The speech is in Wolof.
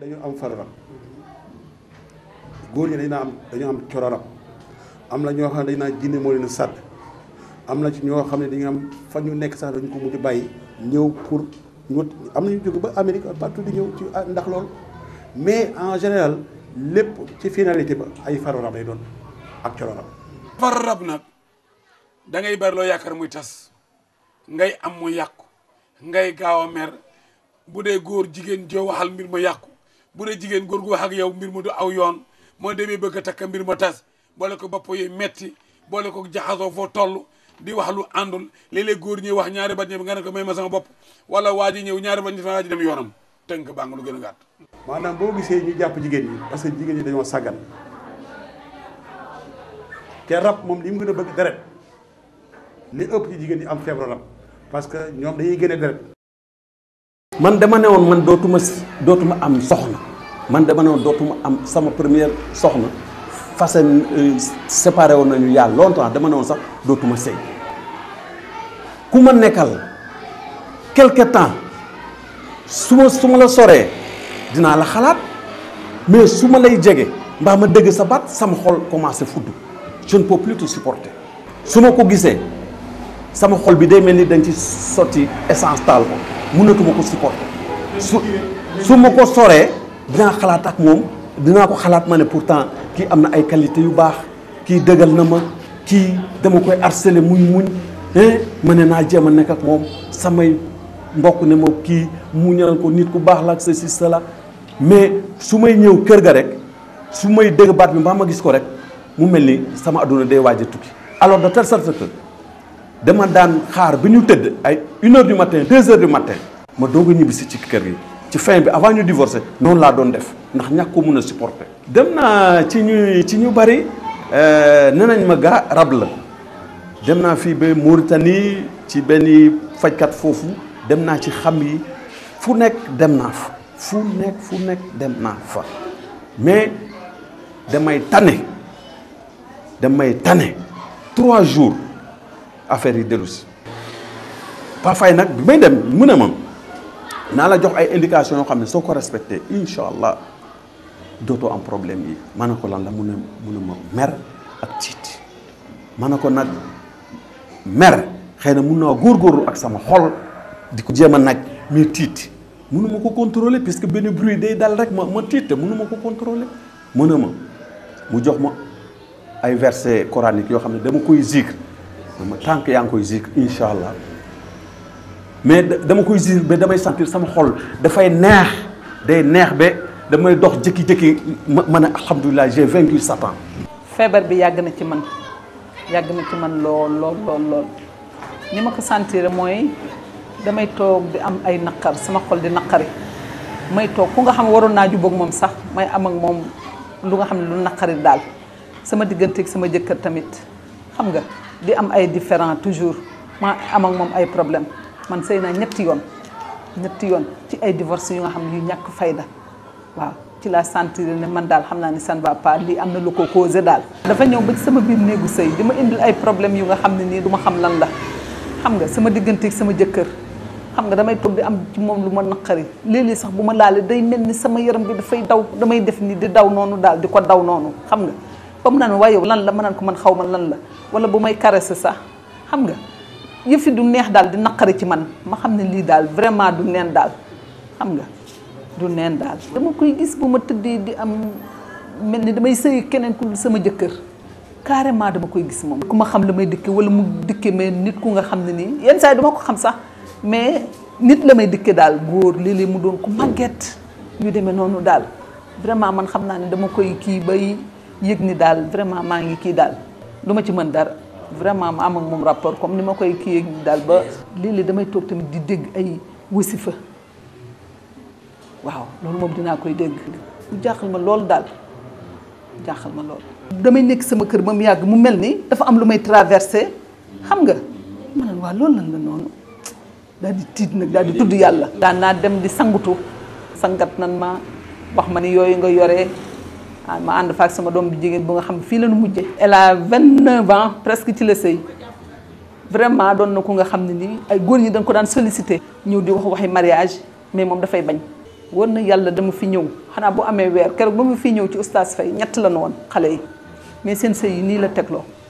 dañu am faru rab góor ñi naa am dañu am coro rab am na ñoo xam ne dañ naa jinne moo leen sàdd am na ci ñoo xam ne dañu am fa ñu nekk sax dañu ko mujj bàyyi ñëw pour ñu am nañu jóge ba Amérique partout di ñëw ci ah, ndax lool mais en général lépp ci finalité ba ay faru rab lay doon ak coro rab nag dangay ngay bari loo yaakaar muy tas ngay am mu yàqu ngay gaaw a mer bu dee góor jigéen joo waxal mbir ma yàqu bu dee jigéen góor gu wax ak yow mbir mu du aw yoon moo demee bëgg a takk mbir ma tas boole ko bopp yooyu metti boole ko jaxasoo foo toll di wax lu àndul léeg-léeg góor ñuy wax ñaari bat ñëw nga ne ko may ma sama bopp wala waa ji ñëw ñaari bat ñëw waa ji dem yoonam tënk baa nga lu gën a gàtt. maanaam boo gisee ñu jàpp jigéen ñi parce que jigéen ñi dañoo moom li mu gën a bëgg deret li ëpp jigéen ñi am feebaru parce que ñoom dañuy génne deret man dama ne woon man dootuma si dootuma am soxna. man dama ne dootuma am sama première soxna fase euh, séparé woon nañu yàlla longtemps dama ne woon sax dootuma sëy ku ma nekkal quelque temps su ma su ma la soree dinaa la xalaat mais su ma lay jege mbaa ma dëgg sa baat sama xol commencé fudd jeune ne peux plus su ma ko gisee sama xol bi day mel ni dañ ci sotti essence taal ko mënatuma ko supporter su su ma ko soree dinaa xalaat moom dinaa ko xalaat ma ne pourtant kii am na ay qualité yu baax kii dëgal na ma ki dama koy harceler muy muñ ma ne naa jéem a nekk ak moom samay mbokk ne ma kii muñal ko nit ku baax la ak sa si sa la mais su may ñëw kër ga rek su may dégg baat bi mbaa ma gis ko rek mu mel ni sama àdduna day waaj a tukki alors de telle sa que dama daan xaar bi ñu tëdd ay une heure du matin deux heures du matin ma doog a ñibbisi ci kër gi ci fin bi avant ñu divorcé noonu laa doon def ndax ñàkk ko mun a supporter. dem naa ci ñu ci ñu bari euh, nee nañ ma gaa rab la dem naa fii ba Mauritanie ci benn fajkat foofu dem naa ci xam yi fu nekk dem naa fa fu nekk fu nekk dem naa fa mais damay tane damay tane trois jours affaire yi dellusi si nag bi may dem mu ne ma. naa la jox ay indication yoo xam ne soo ko respecté incha allah dootoo am problème yi ma ne ko lan la mu ne mu ne ma mer ak tiit ma ne ko nag mer xëy na mun naa góorgóorlu ak sama xol di ko jéem a nag mais tiit mënuma ko contrôler que benn bruit day dal rek ma ma tiit te mënuma ko contrôler mën a ma mu jox ma ay verset coranique yoo xam ne dama koy zikr ma tànk yaa ngi koy zikr incha allah mais dama koy gis ba damay sentir sama xol dafay neex day neex ba damay dox jëkki-jëkki ma a ne alhamdulilah j'ai vaincu Satan. feebar bi yàgg na ci man yàgg na ci man lool lool lool lool ni ma ko sentir mooy damay toog di am ay naqar sama xol di naqari may toog ku nga xam waroon naa jubóog moom sax may am ak moom lu nga xam ne lu naqari daal sama digganteeg sama jëkkër tamit xam nga di am ay différent toujours ma am ak moom ay problème man sëy naa ñetti yoon ñetti yoon ci ay divorce yu nga xam ne yu ñàkk fayda waaw ci laa sentir ne man daal xam naa ne ça ne va lii am na lu ko causé daal. dafa ñëw ba ci sama biir néegu sëy di ma indil ay problème yu nga xam ne nii duma ma xam lan la xam nga sama diggante sama jëkkër xam nga damay toog di am ci moom lu ma naqari léeg sax bu ma laalee day mel ni sama yaram bi dafay daw damay def nii di daw noonu daal di ko daw noonu xam nga ba mu naan waaye lan la ma ko man xaw ma lan la wala bu may caresser sax xam nga. yëfi du neex daal di naqari ci man ma xam ne lii daal vraiment du neen daal xam nga du neen daal dama koy gis bu ma tëddee di am mel ni damay sëy keneen ku sama jëkkër carrément dama koy gis ma ku ma xam la may dikke wala mu dikke mais nit ku nga xam ne nii yenn saa yi duma ko xam sax mais nit la may dikke daal góor léeg-léeg mu doon ku màgget ñu demee noonu daal vraiment man xam naa ne dama koy kii bay yëg ni daal vraiment maa ngi kii daal du ma ci mën dara vraiment ma am moom rapport comme ni ma koy kii yeeg daal ba léeg-léeg damay toog tamit di dégg ay wasifa waaw loolu moom dinaa koy dégg. bu jaaxal ma lool daal jaaxal ma lool. damay nekk sama kër ba mu yàgg mu mel ni dafa am lu may traversé xam nga ma ne waaw loolu lan la noonu daal di tiit nag daal di tudd yàlla. daan naa dem di sangutu sangat nan ma wax ma ni yooyu nga yore. Ah, ma ànd faak sama doom bu jigéen bu nga xam fii la nu mujje elle a vingt neuf ans presque ci la sëy vraiment doon na ko nga xam ne nii ay góor ñi dañ ko daan sollicité ñëw di wax waxi mariage mais moom dafay bañ war na yàlla dama fi ñëw xanaa bu amee weer keroog ba mu fi ñëw ci oustaz Faye ñett la noon xale yi mais seen sëy yi nii la tegloo